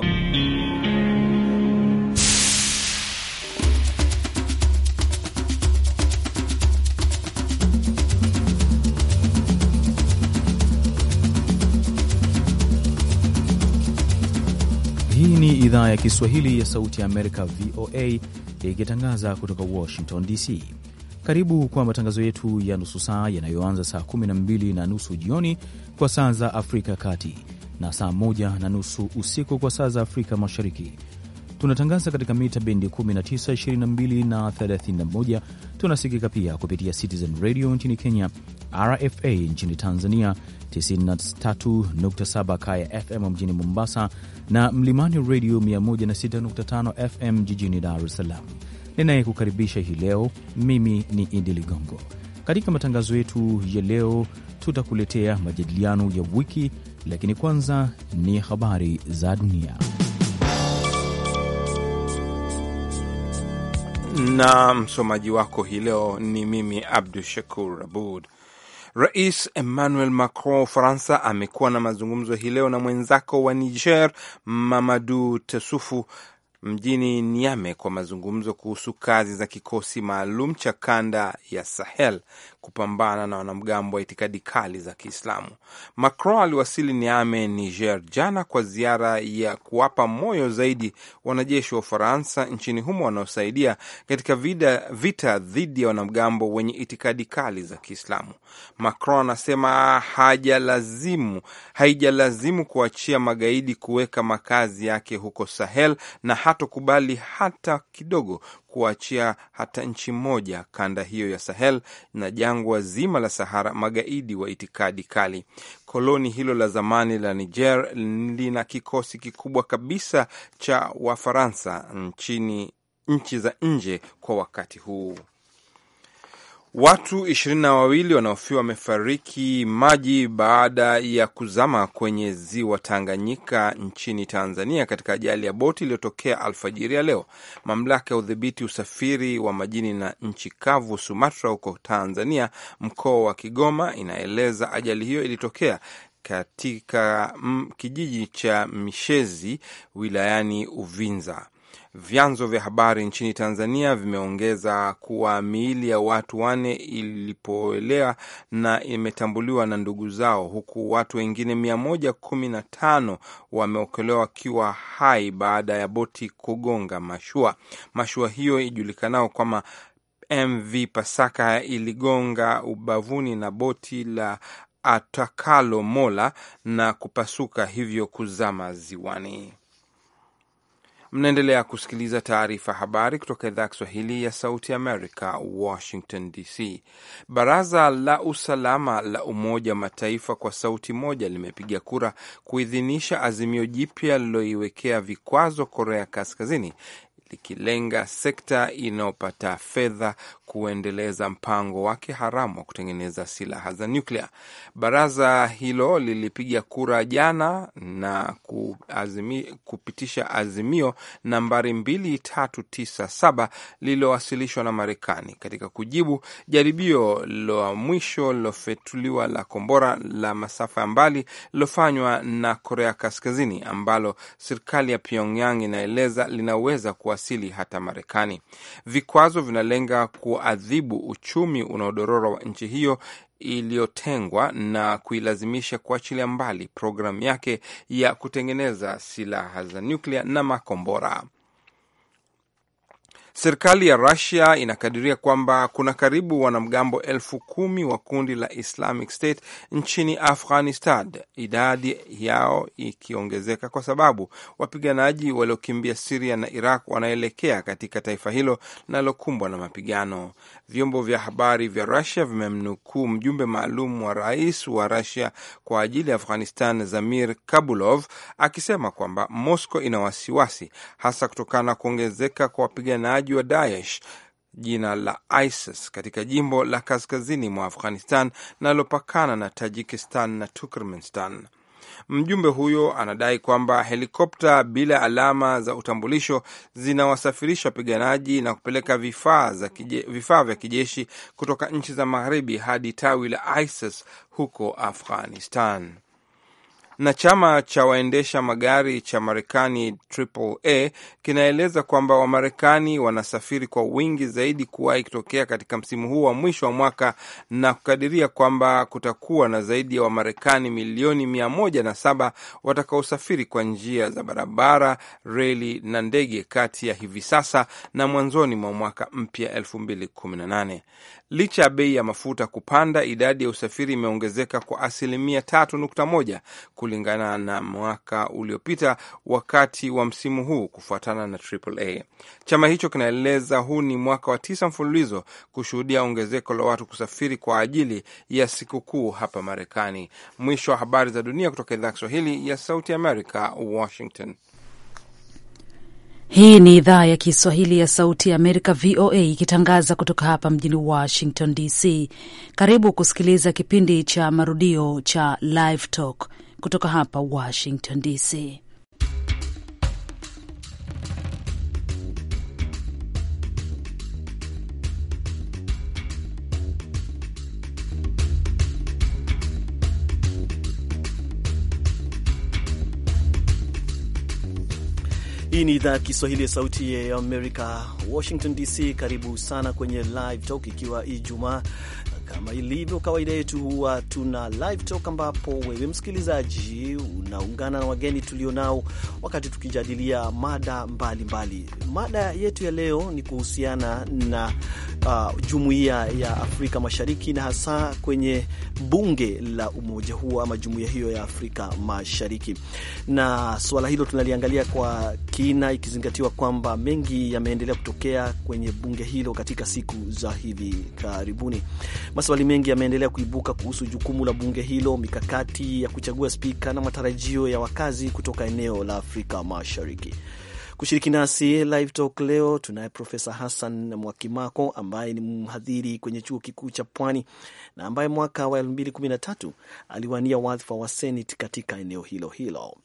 general. Hii ni idhaa ya Kiswahili ya Sauti ya Amerika, VOA, ikitangaza kutoka Washington DC. Karibu kwa matangazo yetu ya nusu saa yanayoanza saa 12 na nusu jioni kwa saa za Afrika ya Kati na saa moja na nusu usiku kwa saa za Afrika Mashariki. Tunatangaza katika mita bendi 19, 22 na 31. Tunasikika pia kupitia Citizen Radio nchini Kenya, RFA nchini Tanzania, 93.7 Kaya FM mjini Mombasa na Mlimani Radio 106.5 FM jijini Dar es Salaam. Ninayekukaribisha hii leo mimi ni Idi Ligongo. Katika matangazo yetu ya leo, tutakuletea majadiliano ya wiki lakini kwanza ni habari za dunia. Na msomaji wako hii leo ni mimi Abdu Shakur Abud. Rais Emmanuel Macron wa Ufaransa amekuwa na mazungumzo hii leo na mwenzako wa Niger Mamadu Tesufu mjini Niame kwa mazungumzo kuhusu kazi za kikosi maalum cha kanda ya Sahel kupambana na wanamgambo wa itikadi kali za Kiislamu. Macron aliwasili Niame, Niger jana kwa ziara ya kuwapa moyo zaidi wanajeshi wa Ufaransa nchini humo wanaosaidia katika vida, vita dhidi ya wanamgambo wenye itikadi kali za Kiislamu. Macron anasema hajalazimu haijalazimu kuachia magaidi kuweka makazi yake huko Sahel na hatokubali hata kidogo kuachia hata nchi moja kanda hiyo ya Sahel na jangwa zima la Sahara magaidi wa itikadi kali. Koloni hilo la zamani la Niger lina kikosi kikubwa kabisa cha Wafaransa nchini nchi za nje kwa wakati huu. Watu ishirini na wawili wanaofiwa wamefariki maji baada ya kuzama kwenye ziwa Tanganyika nchini Tanzania katika ajali ya boti iliyotokea alfajiri ya leo. Mamlaka ya udhibiti usafiri wa majini na nchi kavu SUMATRA huko Tanzania, mkoa wa Kigoma, inaeleza ajali hiyo ilitokea katika kijiji cha Mishezi wilayani Uvinza. Vyanzo vya habari nchini Tanzania vimeongeza kuwa miili ya watu wane ilipoelea na imetambuliwa na ndugu zao, huku watu wengine mia moja kumi na tano wameokolewa wakiwa hai baada ya boti kugonga mashua. Mashua hiyo ijulikanao kama MV Pasaka iligonga ubavuni na boti la Atakalo Mola na kupasuka hivyo kuzama ziwani. Mnaendelea kusikiliza taarifa habari kutoka idhaa ya Kiswahili ya Sauti Amerika, Washington DC. Baraza la Usalama la Umoja wa Mataifa kwa sauti moja limepiga kura kuidhinisha azimio jipya lililoiwekea vikwazo Korea Kaskazini likilenga sekta inayopata fedha kuendeleza mpango wake haramu wa kutengeneza silaha za nyuklia. Baraza hilo lilipiga kura jana na kuazimi, kupitisha azimio nambari 2397 lililowasilishwa na Marekani katika kujibu jaribio la mwisho lilofetuliwa la kombora la masafa ya mbali lilofanywa na Korea Kaskazini ambalo serikali ya Pyongyang inaeleza linaweza kuwa kuwasili hata Marekani. Vikwazo vinalenga kuadhibu uchumi unaodorora wa nchi hiyo iliyotengwa na kuilazimisha kuachilia mbali programu yake ya kutengeneza silaha za nyuklia na makombora. Serikali ya Rusia inakadiria kwamba kuna karibu wanamgambo elfu kumi wa kundi la Islamic State nchini Afghanistan, idadi yao ikiongezeka kwa sababu wapiganaji waliokimbia Siria na Iraq wanaelekea katika taifa hilo linalokumbwa na mapigano. Vyombo vya habari vya Rusia vimemnukuu mjumbe maalum wa rais wa Rusia kwa ajili ya Afghanistan, Zamir Kabulov, akisema kwamba Moscow ina wasiwasi hasa kutokana na kuongezeka kwa wapiganaji wapiganaji wa Daesh jina la ISIS katika jimbo la kaskazini mwa Afghanistan linalopakana na Tajikistan na Turkmenistan. Mjumbe huyo anadai kwamba helikopta bila alama za utambulisho zinawasafirisha wapiganaji na kupeleka vifaa vya kijeshi kutoka nchi za magharibi hadi tawi la ISIS huko Afghanistan. Na chama cha waendesha magari cha Marekani AAA kinaeleza kwamba Wamarekani wanasafiri kwa wingi zaidi kuwahi kutokea katika msimu huu wa mwisho wa mwaka na kukadiria kwamba kutakuwa na zaidi ya Wamarekani milioni mia moja na saba watakaosafiri kwa njia za barabara, reli na ndege kati ya hivi sasa na mwanzoni mwa mwaka mpya nane. Licha ya bei ya mafuta kupanda, idadi ya usafiri imeongezeka kwa asilimia tatu nukta moja kulingana na mwaka uliopita wakati wa msimu huu, kufuatana na AAA. Chama hicho kinaeleza huu ni mwaka wa tisa mfululizo kushuhudia ongezeko la watu kusafiri kwa ajili ya sikukuu hapa Marekani. Mwisho wa habari za dunia kutoka idhaa ya Kiswahili ya Sauti Amerika, Washington. Hii ni idhaa ya Kiswahili ya Sauti ya Amerika, VOA, ikitangaza kutoka hapa mjini Washington DC. Karibu kusikiliza kipindi cha marudio cha Live Talk kutoka hapa Washington DC. Hii ni idhaa ya Kiswahili ya Sauti ya Amerika, Washington DC. Karibu sana kwenye Live Talk, ikiwa Ijumaa kama ilivyo kawaida yetu, huwa tuna live talk, ambapo wewe msikilizaji unaungana na wageni tulionao wakati tukijadilia mada mbalimbali mbali. Mada yetu ya leo ni kuhusiana na uh, jumuiya ya Afrika Mashariki na hasa kwenye bunge la umoja huo ama jumuiya hiyo ya Afrika Mashariki, na suala hilo tunaliangalia kwa kina, ikizingatiwa kwamba mengi yameendelea kutokea kwenye bunge hilo katika siku za hivi karibuni. Maswali mengi yameendelea kuibuka kuhusu jukumu la bunge hilo, mikakati ya kuchagua spika na matarajio ya wakazi kutoka eneo la Afrika Mashariki. Kushiriki nasi live talk leo tunaye Profesa Hassan Mwakimako ambaye ni mhadhiri kwenye chuo kikuu cha Pwani na ambaye mwaka wa 2013 aliwania wadhifa wa seneti katika eneo hilo hilo.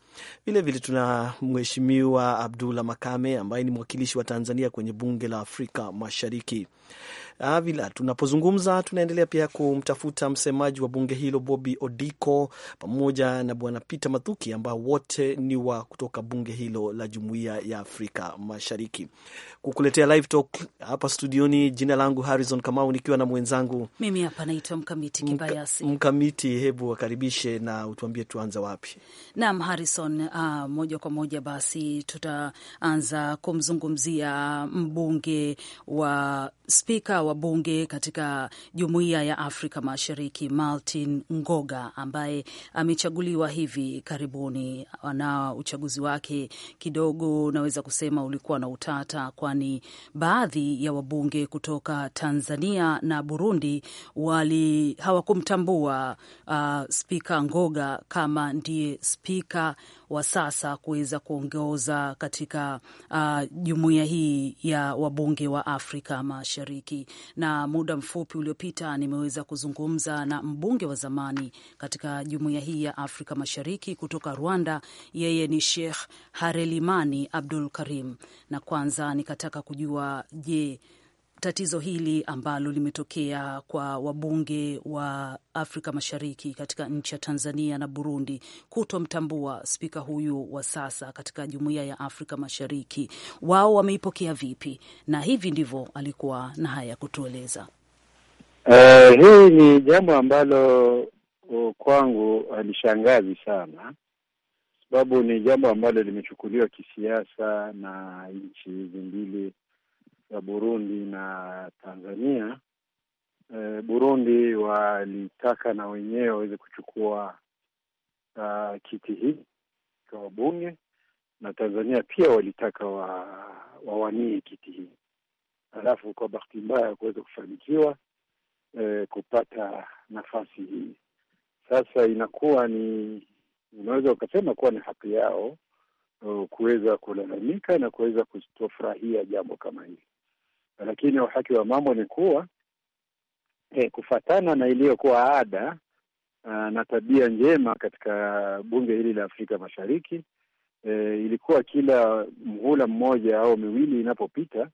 Vilevile tuna Mheshimiwa Abdullah Makame ambaye ni mwakilishi wa Tanzania kwenye bunge la Afrika Mashariki. Ah, vila tunapozungumza tunaendelea pia kumtafuta msemaji wa bunge hilo Bobby Odiko pamoja na bwana Peter Mathuki ambao wote ni wa kutoka bunge hilo la Jumuiya ya Afrika Mashariki kukuletea live talk hapa studioni. Jina langu Harrison Kamau nikiwa na mwenzangu mimi hapa naitwa Mkamiti Kibayasi. Mkamiti, hebu wakaribishe na utuambie tuanza wapi? Naam Harrison, uh, moja kwa moja basi tutaanza kumzungumzia mbunge wa spika wa bunge katika jumuiya ya Afrika Mashariki Martin Ngoga ambaye amechaguliwa hivi karibuni, na uchaguzi wake kidogo naweza kusema ulikuwa na utata, kwani baadhi ya wabunge kutoka Tanzania na Burundi wali hawakumtambua uh, spika Ngoga kama ndiye spika wa sasa kuweza kuongoza katika uh, jumuiya uh, hii ya wabunge wa Afrika Mashariki. Na muda mfupi uliopita nimeweza kuzungumza na mbunge wa zamani katika jumuiya hii ya Afrika Mashariki kutoka Rwanda. Yeye ni Sheikh Harelimani Abdul Karim, na kwanza nikataka kujua je, tatizo hili ambalo limetokea kwa wabunge wa Afrika Mashariki katika nchi ya Tanzania na Burundi kutomtambua spika huyu wa sasa katika jumuiya ya Afrika Mashariki, wao wameipokea vipi? Na hivi ndivyo alikuwa na haya ya kutueleza. Uh, hii ni jambo ambalo kwangu halishangazi sana, sababu ni jambo ambalo limechukuliwa kisiasa na nchi hizi mbili ya Burundi na Tanzania. E, Burundi walitaka na wenyewe waweze kuchukua uh, kiti hii kwa wabunge na Tanzania pia walitaka wawanie kiti hii, alafu kwa bahati mbaya kuweza kufanikiwa e, kupata nafasi hii. Sasa inakuwa ni unaweza ukasema kuwa ni haki yao eh, kuweza kulalamika na kuweza kutofurahia jambo kama hili. Lakini uhaki wa mambo ni kuwa e, kufatana na iliyokuwa ada a, ah, na tabia njema katika bunge hili la Afrika Mashariki e, ilikuwa kila mhula mmoja au miwili inapopita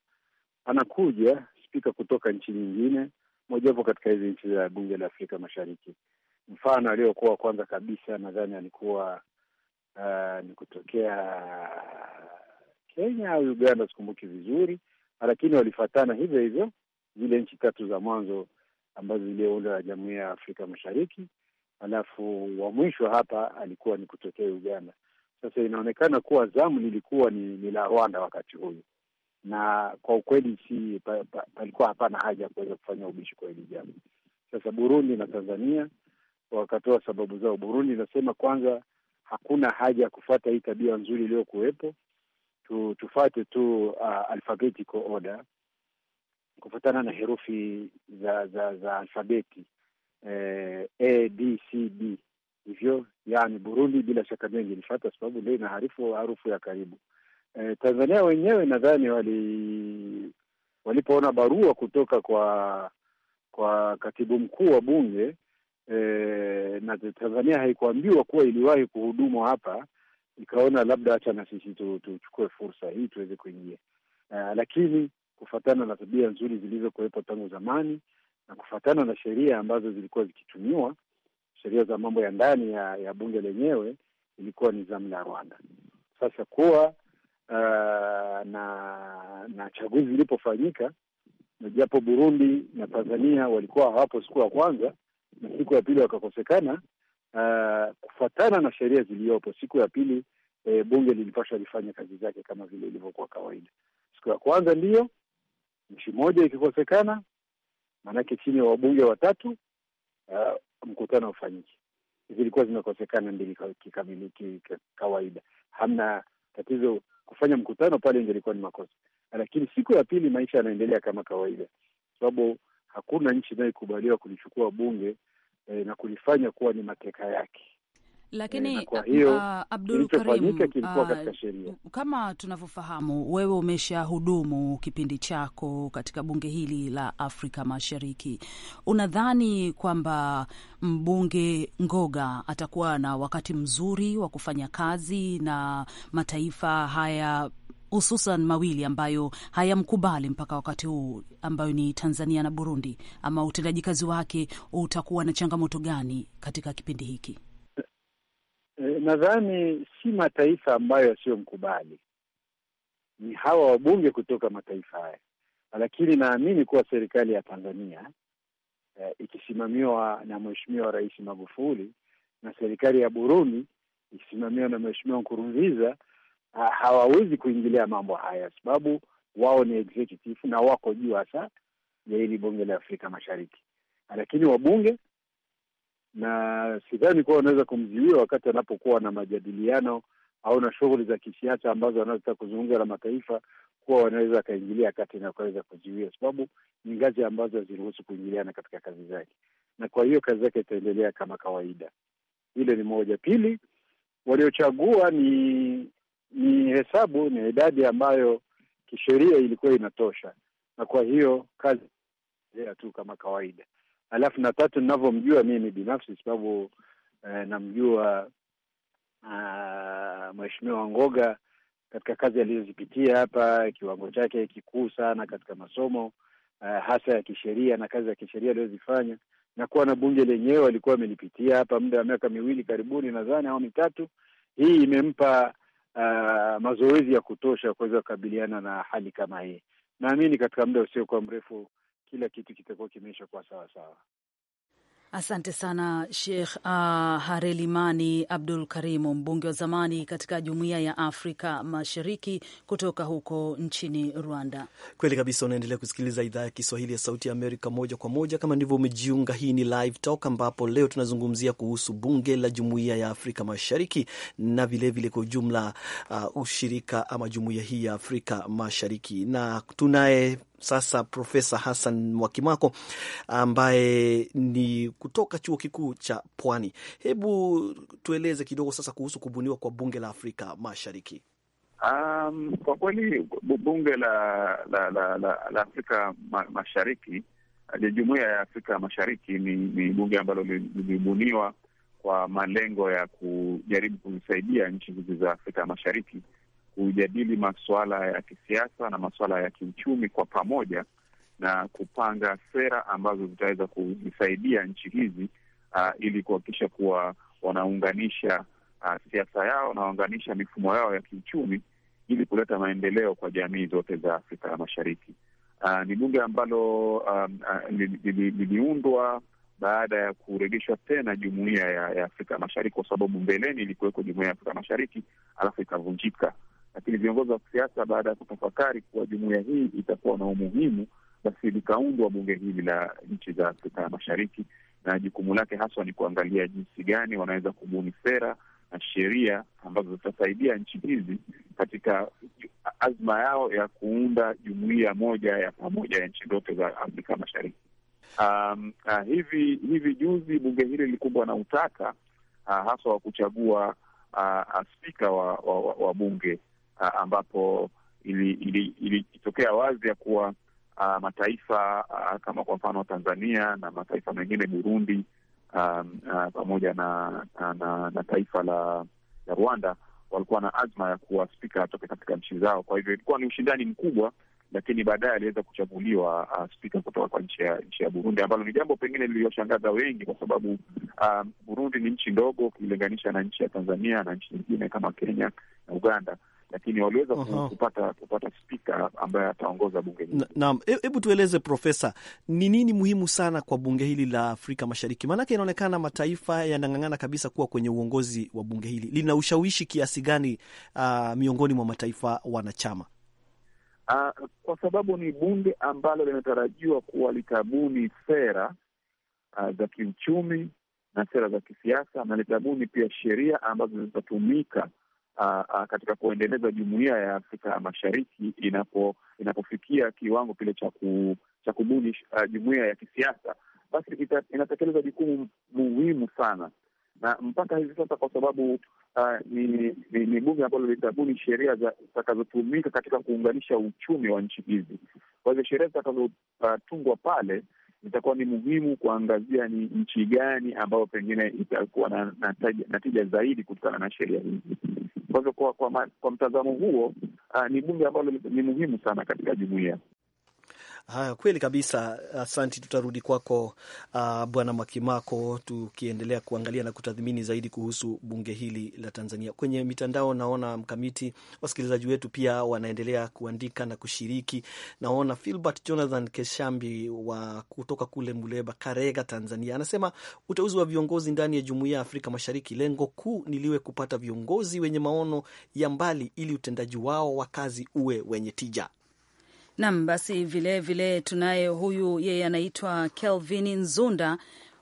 anakuja spika kutoka nchi nyingine mojawapo katika hizi nchi za bunge la Afrika Mashariki. Mfano aliyokuwa kwanza kabisa nadhani alikuwa uh, ni kutokea Kenya au Uganda, sikumbuki vizuri lakini walifatana hivyo hivyo zile nchi tatu za mwanzo ambazo ziliunda jamhuri ya Afrika Mashariki, alafu wa mwisho hapa alikuwa ni kutokea Uganda. Sasa inaonekana kuwa zamu lilikuwa ni, ni la Rwanda wakati huyu, na kwa ukweli si pa, pa, palikuwa hapana haja ya kuweza kufanya ubishi kwa hili jambo. Sasa Burundi na Tanzania wakatoa sababu zao. Burundi inasema kwanza hakuna haja ya kufuata hii tabia nzuri iliyokuwepo tu, tufate tu uh, alphabetical order kufuatana na herufi za za za alfabeti eh, A B C D hivyo. Yani Burundi bila shaka mengi ilifata, sababu ndio ina harufu ya karibu. Eh, Tanzania wenyewe nadhani wali walipoona barua kutoka kwa kwa katibu mkuu wa bunge eh, na Tanzania haikuambiwa kuwa iliwahi kuhudumu hapa ikaona labda hacha na sisi tuchukue fursa hii tuweze kuingia. Uh, lakini kufatana na tabia nzuri zilizokuwepo tangu zamani na kufatana na sheria ambazo zilikuwa zikitumiwa, sheria za mambo ya ndani ya, ya bunge lenyewe ilikuwa ni zamu la Rwanda. Sasa kuwa uh, na na chaguzi ilipofanyika, na japo Burundi na Tanzania walikuwa hawapo siku ya kwanza na siku ya pili wakakosekana, uh, kufuatana na sheria ziliyopo. Siku ya pili e, bunge lilipaswa lifanya kazi zake kama vile ilivyokuwa kawaida. Siku ya kwanza ndiyo nchi moja ikikosekana, maanake chini ya wabunge watatu uh, mkutano ufanyike. Zilikuwa zimekosekana mbili kikamiliki kawaida, hamna tatizo kufanya mkutano pale, ingelikuwa ni makosa. Lakini siku ya pili maisha yanaendelea kama kawaida, sababu hakuna nchi inayokubaliwa kulichukua bunge e, na kulifanya kuwa ni mateka yake. Lakini e, uh, kilikuwa katika sheria kama tunavyofahamu, wewe umesha hudumu kipindi chako katika bunge hili la Afrika Mashariki. Unadhani kwamba mbunge Ngoga atakuwa na wakati mzuri wa kufanya kazi na mataifa haya hususan mawili ambayo hayamkubali mpaka wakati huu, ambayo ni Tanzania na Burundi, ama utendaji kazi wake utakuwa na changamoto gani katika kipindi hiki? Eh, eh, nadhani si mataifa ambayo yasiyomkubali, ni hawa wabunge kutoka mataifa haya, lakini naamini kuwa serikali ya Tanzania eh, ikisimamiwa na Mheshimiwa Rais Magufuli na serikali ya Burundi ikisimamiwa na Mheshimiwa Nkurunziza hawawezi kuingilia mambo haya, sababu wao ni executive na wako juu hasa ya hili bunge la Afrika Mashariki. Lakini wabunge na sidhani kuwa wanaweza kumziwia wakati wanapokuwa na majadiliano au na shughuli za kisiasa ambazo wanazotaka kuzungumza na mataifa, kuwa wanaweza wakaingilia kati na wakaweza kuziwia, sababu ni ngazi ambazo haziruhusu kuingiliana katika kazi zake, na kwa hiyo kazi zake itaendelea kama kawaida. Hilo ni moja. Pili, waliochagua ni ni hesabu, ni idadi ambayo kisheria ilikuwa inatosha, na kwa hiyo kazi ya tu kama kawaida. Alafu na tatu, ninavyomjua mimi binafsi, sababu eh, namjua ah, mheshimiwa Ngoga katika kazi alizozipitia hapa, kiwango chake kikuu sana katika masomo Uh, hasa ya kisheria na kazi ya kisheria aliyozifanya na kuwa na bunge lenyewe alikuwa amelipitia hapa muda wa miaka miwili karibuni, nadhani au mitatu. Hii imempa uh, mazoezi ya kutosha kuweza kukabiliana na hali kama hii. Naamini katika muda usiokuwa mrefu kila kitu kitakuwa kimeisha kuwa sawasawa. Asante sana Sheikh uh, Harelimani Abdul Karimu, mbunge wa zamani katika Jumuiya ya Afrika Mashariki kutoka huko nchini Rwanda. Kweli kabisa, unaendelea kusikiliza idhaa ya Kiswahili ya Sauti ya Amerika moja kwa moja. Kama ndivyo umejiunga, hii ni Live Talk ambapo leo tunazungumzia kuhusu bunge la Jumuiya ya Afrika Mashariki na vilevile kwa ujumla uh, ushirika ama jumuiya hii ya Afrika Mashariki, na tunaye sasa Profesa Hassan Mwakimako ambaye ni kutoka chuo kikuu cha Pwani, hebu tueleze kidogo sasa kuhusu kubuniwa kwa bunge la Afrika Mashariki. Um, kwa kweli bunge la la, la, la, la Afrika ma, Mashariki, jumuiya ya Afrika Mashariki ni, ni bunge ambalo lilibuniwa kwa malengo ya kujaribu kuzisaidia nchi hizi za Afrika Mashariki kujadili masuala ya kisiasa na masuala ya kiuchumi kwa pamoja na kupanga sera ambazo zitaweza kuzisaidia nchi hizi uh, ili kuhakikisha kuwa wanaunganisha uh, siasa yao na waunganisha mifumo yao ya kiuchumi ili kuleta maendeleo kwa jamii zote za Afrika ya Mashariki. Uh, ni bunge ambalo um, uh, liliundwa baada ya kurejeshwa tena jumuiya ya, ya Afrika Mashariki kwa sababu mbeleni ilikuweko jumuiya ya Afrika Mashariki alafu ikavunjika. Lakini viongozi wa kisiasa baada ya kutafakari kuwa jumuiya hii itakuwa na umuhimu, basi likaundwa bunge hili la nchi za Afrika Mashariki, na jukumu lake haswa ni kuangalia jinsi gani wanaweza kubuni sera na sheria ambazo zitasaidia nchi hizi katika azma yao ya kuunda jumuiya moja ya pamoja ya nchi zote za Afrika Mashariki. Um, uh, hivi hivi juzi bunge hili lilikumbwa na utata uh, haswa wa kuchagua uh, uh spika wa, wa, wa, wa bunge uh, ambapo ilitokea ili, ili wazi ya kuwa uh, mataifa uh, kama kwa mfano Tanzania na mataifa mengine Burundi um, uh, pamoja na, na, na, na taifa la, la Rwanda walikuwa na azma ya kuwa spika atoke katika nchi zao. Kwa hivyo ilikuwa ni ushindani mkubwa, lakini baadaye aliweza kuchaguliwa uh, spika kutoka kwa nchi ya nchi ya Burundi, ambalo ni jambo pengine liliyoshangaza wengi, kwa sababu um, Burundi ni nchi ndogo ukilinganisha na nchi ya Tanzania na nchi nyingine kama Kenya na Uganda lakini waliweza uh-huh, kupata kupata spika ambaye ataongoza bunge hili. Naam, hebu tueleze Profesa, ni nini muhimu sana kwa bunge hili la Afrika Mashariki? Maanake inaonekana mataifa yanang'ang'ana kabisa kuwa kwenye uongozi wa bunge hili. Lina ushawishi kiasi gani uh, miongoni mwa mataifa wanachama? Uh, kwa sababu ni bunge ambalo linatarajiwa kuwa litabuni sera uh, za kiuchumi na sera za kisiasa na litabuni pia sheria ambazo zitatumika a, a, katika kuendeleza jumuiya ya Afrika Mashariki inapo, inapofikia kiwango kile cha ku, cha kubuni jumuiya ya kisiasa, basi ita, inatekeleza jukumu muhimu sana na mpaka hivi sasa kwa sababu uh, ni, ni, ni bunge ambalo litabuni sheria zitakazotumika katika kuunganisha uchumi wa nchi hizi. Kwa hivyo sheria zitakazotungwa uh, pale itakuwa ni muhimu kuangazia ni nchi gani ambayo pengine itakuwa na, na, na tija zaidi kutokana na sheria hizi. Kwa hivyo kwa, kwa, kwa mtazamo huo, uh, ni bunge ambalo ni muhimu sana katika jumuiya. Haya, kweli kabisa, asanti. Tutarudi kwako uh, Bwana Mwakimako, tukiendelea kuangalia na kutathmini zaidi kuhusu bunge hili la Tanzania. Kwenye mitandao naona mkamiti, wasikilizaji wetu pia wanaendelea kuandika na kushiriki. Naona Filbert Jonathan Keshambi wa kutoka kule Muleba, Karega, Tanzania, anasema uteuzi wa viongozi ndani ya Jumuiya ya Afrika Mashariki, lengo kuu niliwe kupata viongozi wenye maono ya mbali, ili utendaji wao wa kazi uwe wenye tija. Nam, basi vilevile tunaye huyu, yeye anaitwa Kelvin Nzunda,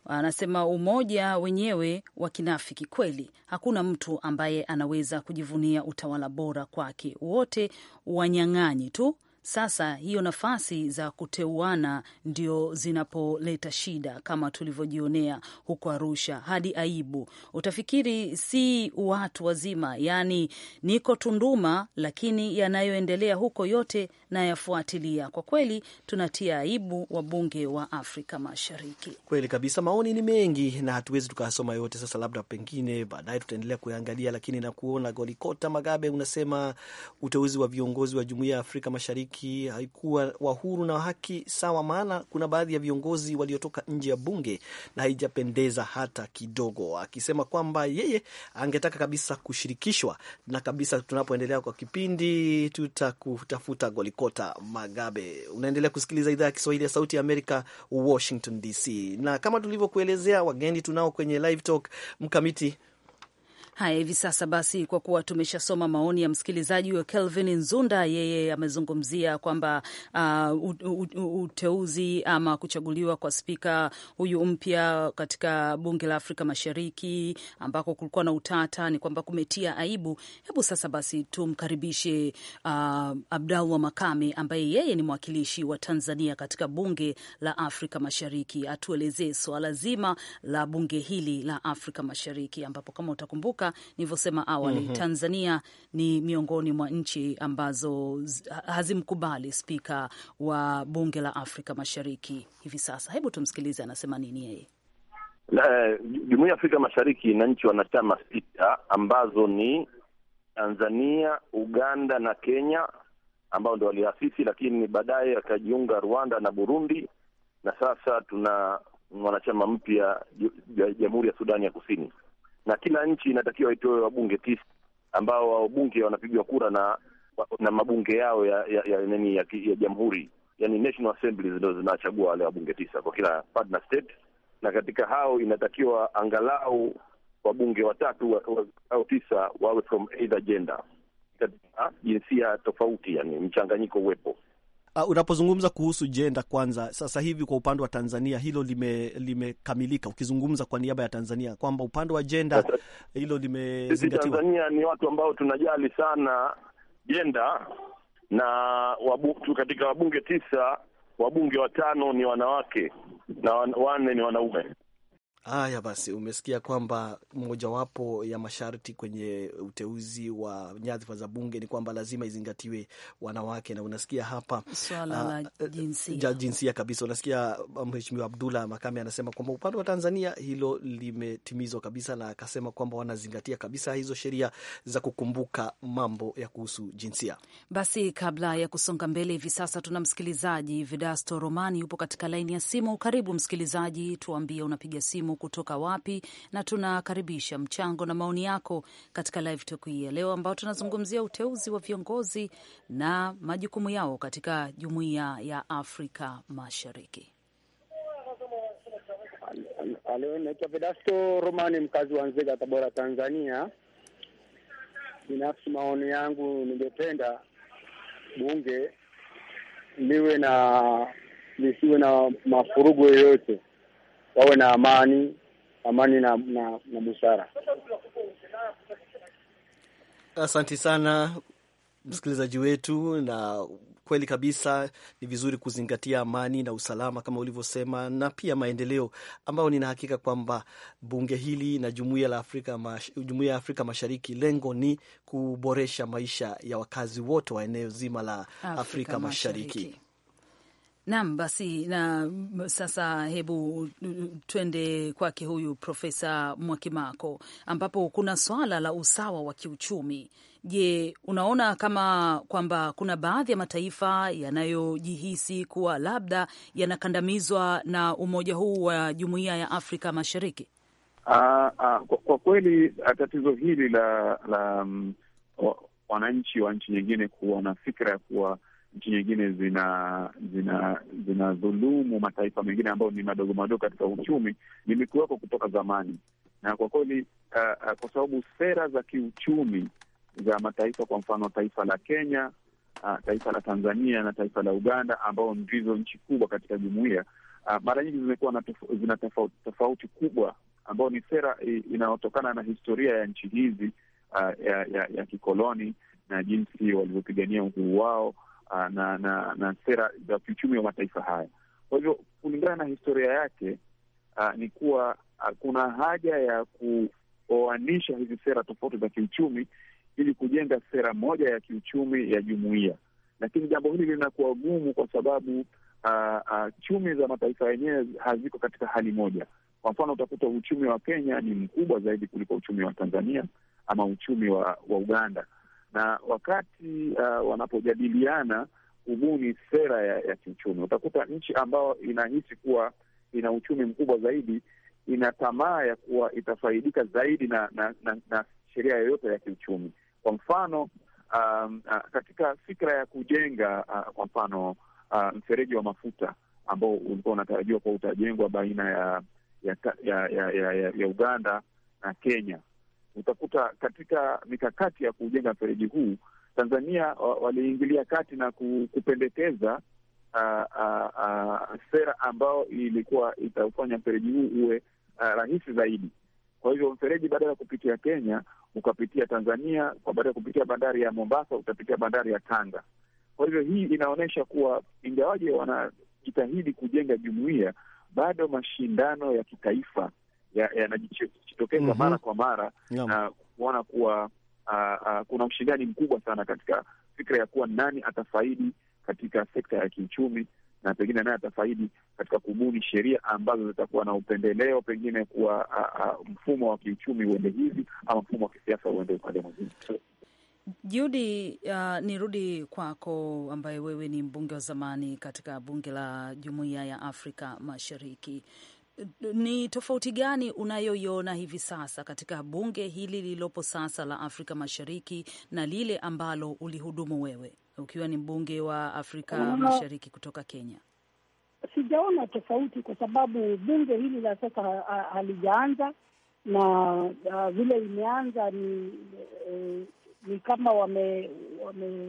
anasema umoja wenyewe wa kinafiki kweli. Hakuna mtu ambaye anaweza kujivunia utawala bora kwake, wote wanyang'anyi tu sasa hiyo nafasi za kuteuana ndio zinapoleta shida kama tulivyojionea huko Arusha, hadi aibu. Utafikiri si watu wazima, yaani niko Tunduma, lakini yanayoendelea huko yote nayafuatilia. Kwa kweli tunatia aibu wabunge wa Afrika Mashariki. Kweli kabisa, maoni ni mengi na hatuwezi tukayasoma yote. Sasa labda pengine baadaye tutaendelea kuyaangalia, lakini nakuona Golikota Magabe unasema uteuzi wa viongozi wa Jumuiya ya Afrika Mashariki Mashariki haikuwa wa huru na haki sawa, maana kuna baadhi ya viongozi waliotoka nje ya bunge na haijapendeza hata kidogo, akisema kwamba yeye angetaka kabisa kushirikishwa. Na kabisa, tunapoendelea kwa kipindi, tutakutafuta Golikota Magabe. Unaendelea kusikiliza idhaa ya Kiswahili ya Sauti ya Amerika, Washington DC, na kama tulivyokuelezea, wageni tunao kwenye live talk mkamiti Haya, hivi sasa basi, kwa kuwa tumeshasoma maoni ya msikilizaji wa Kelvin Nzunda, yeye amezungumzia kwamba uh, uteuzi ama kuchaguliwa kwa spika huyu mpya katika bunge la Afrika Mashariki ambako kulikuwa na utata, ni kwamba kumetia aibu. Hebu sasa basi tumkaribishe uh, Abdallah Makame ambaye yeye ni mwakilishi wa Tanzania katika bunge la Afrika Mashariki, atuelezee swala zima la bunge hili la Afrika Mashariki ambapo kama utakumbuka Nilivyosema awali, mm -hmm. Tanzania ni miongoni mwa nchi ambazo hazimkubali spika wa bunge la Afrika Mashariki hivi sasa. Hebu tumsikilize anasema nini yeye. Eh, Jumuiya ya Afrika Mashariki ina nchi wanachama sita ambazo ni Tanzania, Uganda na Kenya ambao ndo waliasisi, lakini baadaye akajiunga Rwanda na Burundi, na sasa tuna mwanachama mpya Jamhuri ya Sudani ya Kusini na kila nchi inatakiwa itoe wabunge tisa ambao wabunge wanapigwa kura na na mabunge yao ya ya, ya, nini, ya, ya jamhuri yani national assemblies ndo zinachagua wale wabunge tisa kwa kila partner state, na katika hao inatakiwa angalau wabunge watatu wa, wa, au tisa wawe from either gender, katika ah, jinsia tofauti, yani mchanganyiko uwepo. Uh, unapozungumza kuhusu jenda kwanza, sasa hivi kwa upande wa Tanzania hilo limekamilika, lime ukizungumza kwa niaba ya Tanzania kwamba upande wa jenda hilo limezingatiwa. Tanzania ni watu ambao tunajali sana jenda na wabu, katika wabunge tisa wabunge watano ni wanawake na wanne ni wanaume. Haya basi, umesikia kwamba mojawapo ya masharti kwenye uteuzi wa nyadhifa za bunge ni kwamba lazima izingatiwe wanawake, na unasikia hapa swala ah, la jinsia, jinsia kabisa. Unasikia ah, Mheshimiwa Abdullah Makame anasema kwamba upande wa Tanzania hilo limetimizwa kabisa, na akasema kwamba wanazingatia kabisa hizo sheria za kukumbuka mambo ya kuhusu jinsia. Basi kabla ya kusonga mbele, hivi sasa tuna msikilizaji vidasto Romani yupo katika laini ya simu. Karibu msikilizaji, tuambie unapiga simu simu kutoka wapi, na tunakaribisha mchango na maoni yako katika live talk hii ya leo, ambao tunazungumzia uteuzi wa viongozi na majukumu yao katika jumuiya ya Afrika Mashariki. Halo, naitwa Vedasto Romani, mkazi wa Nzega, Tabora, Tanzania. Binafsi maoni yangu, ningependa bunge liwe na lisiwe na mafurugo yoyote, wawe na amani, amani na na, na busara. Asanti sana msikilizaji wetu, na kweli kabisa ni vizuri kuzingatia amani na usalama kama ulivyosema, na pia maendeleo ambayo nina hakika kwamba bunge hili na jumuiya la Afrika mash, jumuiya ya Afrika Mashariki, lengo ni kuboresha maisha ya wakazi wote wa eneo zima la Afrika, Afrika Mashariki, Mashariki. Naam, basi na sasa, hebu twende kwake huyu Profesa Mwakimako, ambapo kuna swala la usawa wa kiuchumi. Je, unaona kama kwamba kuna baadhi ya mataifa yanayojihisi kuwa labda yanakandamizwa na umoja huu wa Jumuiya ya Afrika Mashariki? Aa, ah, aa, ah, kwa, kwa kweli ah, tatizo hili la la mm, wananchi wa nchi nyingine kuwa na fikra ya kuwa nchi nyingine zina zina zinadhulumu mataifa mengine ambayo ni madogo madogo katika uchumi, limekuwepo kutoka zamani, na kwa kweli uh, kwa sababu sera za kiuchumi za mataifa, kwa mfano taifa la Kenya, uh, taifa la Tanzania na taifa la Uganda, ambao ndizo nchi kubwa katika jumuiya uh, mara nyingi zimekuwa zina tofauti, tofauti kubwa ambayo ni sera inayotokana na historia ya nchi hizi uh, ya, ya, ya kikoloni na jinsi walivyopigania uhuru wao Uh, na na na sera za kiuchumi wa mataifa haya. Kwa hivyo kulingana na historia yake uh, ni kuwa uh, kuna haja ya kuoanisha hizi sera tofauti za kiuchumi ili kujenga sera moja ya kiuchumi ya jumuiya, lakini jambo hili linakuwa gumu kwa sababu uh, uh, chumi za mataifa yenyewe haziko katika hali moja. Kwa mfano, utakuta uchumi wa Kenya ni mkubwa zaidi kuliko uchumi wa Tanzania ama uchumi wa, wa Uganda na wakati uh, wanapojadiliana kubuni sera ya, ya kiuchumi, utakuta nchi ambayo inahisi kuwa ina uchumi mkubwa zaidi ina tamaa ya kuwa itafaidika zaidi na na, na, na sheria yoyote ya kiuchumi. Kwa mfano um, uh, katika fikra ya kujenga uh, kwa mfano uh, mfereji wa mafuta ambao ulikuwa unatarajiwa kuwa utajengwa baina ya ya, ya, ya, ya, ya Uganda na Kenya utakuta katika mikakati ya kujenga mfereji huu Tanzania waliingilia kati na kupendekeza sera ambayo ilikuwa itaufanya mfereji huu uwe rahisi zaidi. Kwa hivyo mfereji baada ya kupitia Kenya ukapitia Tanzania, kwa baada ya kupitia bandari ya Mombasa utapitia bandari ya Tanga. Kwa hivyo hii inaonyesha kuwa ingawaje wanajitahidi kujenga jumuiya, bado mashindano ya kitaifa yanajitokeza ya, mm -hmm. mara kwa mara yeah. na kuona kuwa uh, uh, kuna ushindani mkubwa sana katika fikra ya kuwa nani atafaidi katika sekta ya kiuchumi na pengine naye atafaidi katika kubuni sheria ambazo zitakuwa na upendeleo pengine kuwa a, a, mfumo wa kiuchumi uende hivi ama mfumo wa kisiasa uende upande mwingine. Judi, uh, nirudi kwako ambaye wewe ni mbunge wa zamani katika bunge la Jumuiya ya Afrika Mashariki ni tofauti gani unayoiona hivi sasa katika bunge hili lililopo sasa la Afrika Mashariki na lile ambalo ulihudumu wewe ukiwa ni mbunge wa Afrika Una... Mashariki kutoka Kenya? Sijaona tofauti kwa sababu bunge hili la sasa halijaanza na uh, vile limeanza ni, eh, ni kama wame, wame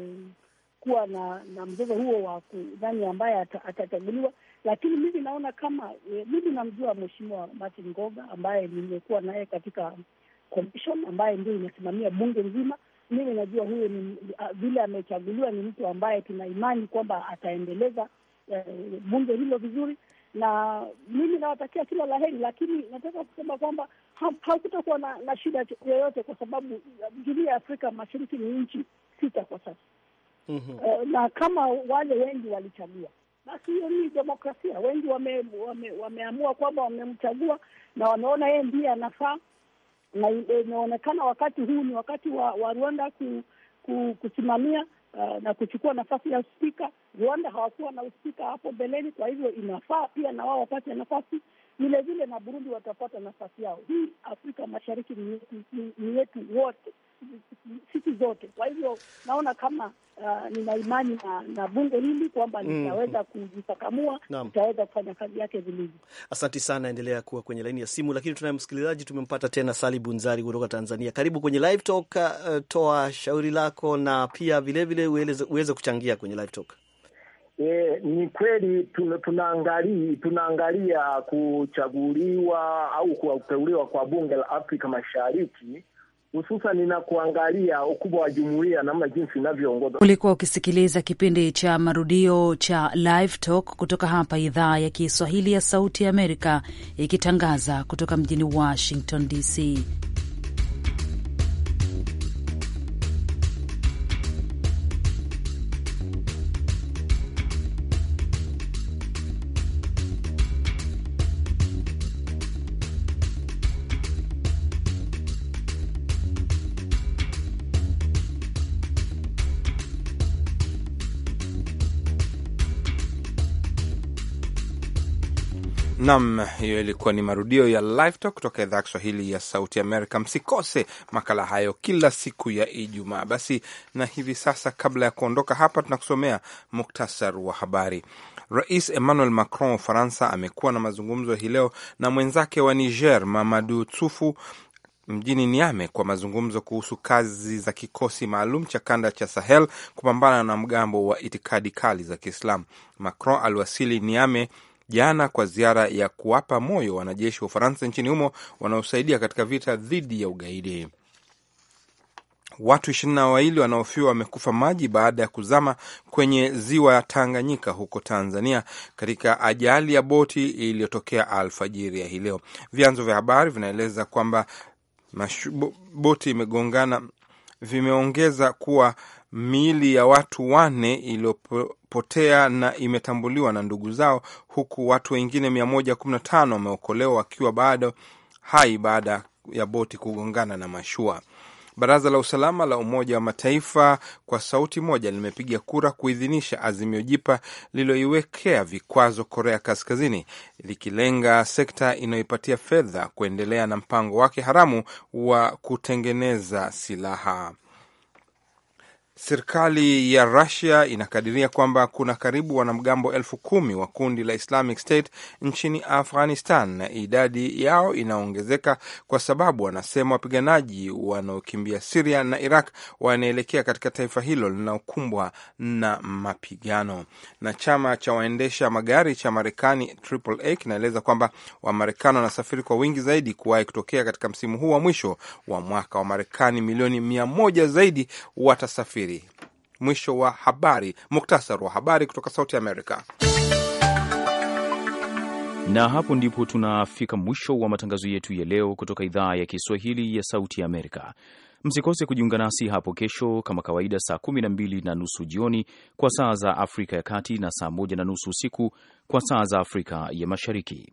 kuwa na na mzozo huo wa nani ambaye atachaguliwa lakini mimi naona kama e, mimi namjua Mheshimiwa Martin Ngoga ambaye nimekuwa naye katika commission ambaye ndio inasimamia bunge nzima. Mimi najua huyo ni vile amechaguliwa ni mtu ambaye tuna imani kwamba ataendeleza e, bunge hilo vizuri, na mimi nawatakia kila la heri, lakini nataka kusema kwamba hakutakuwa na, na shida yoyote kwa sababu jumuiya e, ya Afrika Mashariki ni nchi sita kwa sasa mm -hmm. na kama wale wengi walichagua, basi hiyo ni demokrasia. Wengi wame, wame, wameamua kwamba wamemchagua na wameona yeye ndiye anafaa, na imeonekana wakati huu ni wakati wa, wa Rwanda ku, ku, kusimamia uh, na kuchukua nafasi ya uspika. Rwanda hawakuwa na uspika hapo mbeleni, kwa hivyo inafaa pia na wao wapate nafasi vilevile na Burundi watapata nafasi yao. Hii Afrika Mashariki ni yetu wote, sisi zote. Kwa hivyo naona kama uh, nina imani na, na bunge hili kwamba mm. litaweza kujifakamua, itaweza kufanya kazi yake vilivyo. Asanti sana, endelea kuwa kwenye laini ya simu. Lakini tunaye msikilizaji, tumempata tena, Sali Bunzari kutoka Tanzania. Karibu kwenye Live Talk. Uh, toa shauri lako na pia vilevile uweze kuchangia kwenye Live Talk. E, ni kweli tunaangalia tunaangalia kuchaguliwa au kuteuliwa kwa bunge la Afrika Mashariki hususan na kuangalia ukubwa wa jumuiya namna jinsi inavyoongoza. Ulikuwa ukisikiliza kipindi cha marudio cha Live Talk kutoka hapa idhaa ya Kiswahili ya Sauti ya Amerika ikitangaza kutoka mjini Washington DC. Nam, hiyo ilikuwa ni marudio ya Live Talk kutoka idhaa ya Kiswahili ya Sauti Amerika. Msikose makala hayo kila siku ya Ijumaa. Basi na hivi sasa, kabla ya kuondoka hapa, tunakusomea muktasar wa habari. Rais Emmanuel Macron wa Ufaransa amekuwa na mazungumzo hii leo na mwenzake wa Niger Mamadu Tsufu mjini Niame kwa mazungumzo kuhusu kazi za kikosi maalum cha kanda cha Sahel kupambana na mgambo wa itikadi kali za Kiislamu. Macron aliwasili Niame jana kwa ziara ya kuwapa moyo wanajeshi wa Ufaransa nchini humo wanaosaidia katika vita dhidi ya ugaidi. Watu ishirini na wawili wanaofiwa wamekufa maji baada ya kuzama kwenye ziwa Tanganyika huko Tanzania katika ajali ya boti iliyotokea alfajiri ya hii leo. Vyanzo vya habari vinaeleza kwamba boti imegongana vimeongeza kuwa miili ya watu wane iliyopotea na imetambuliwa na ndugu zao, huku watu wengine 115 wameokolewa wakiwa bado hai baada ya boti kugongana na mashua. Baraza la usalama la Umoja wa Mataifa kwa sauti moja limepiga kura kuidhinisha azimio jipa lililoiwekea vikwazo Korea Kaskazini, likilenga sekta inayoipatia fedha kuendelea na mpango wake haramu wa kutengeneza silaha. Serikali ya Rusia inakadiria kwamba kuna karibu wanamgambo elfu kumi wa kundi la Islamic State nchini Afghanistan, na idadi yao inaongezeka kwa sababu wanasema wapiganaji wanaokimbia Siria na Iraq wanaelekea katika taifa hilo linalokumbwa na mapigano. Na chama cha waendesha magari cha Marekani AAA kinaeleza kwamba Wamarekani wanasafiri kwa wingi zaidi kuwahi kutokea katika msimu huu wa mwisho wa mwaka. Wamarekani milioni mia moja zaidi watasafiri Kiswahili. Mwisho wa habari. Muktasar wa habari kutoka Sauti Amerika. Na hapo ndipo tunafika mwisho wa matangazo yetu ya leo kutoka idhaa ya Kiswahili ya Sauti ya Amerika. Msikose kujiunga nasi hapo kesho kama kawaida, saa 12 na nusu jioni kwa saa za Afrika ya Kati na saa 1 na nusu usiku kwa saa za Afrika ya Mashariki.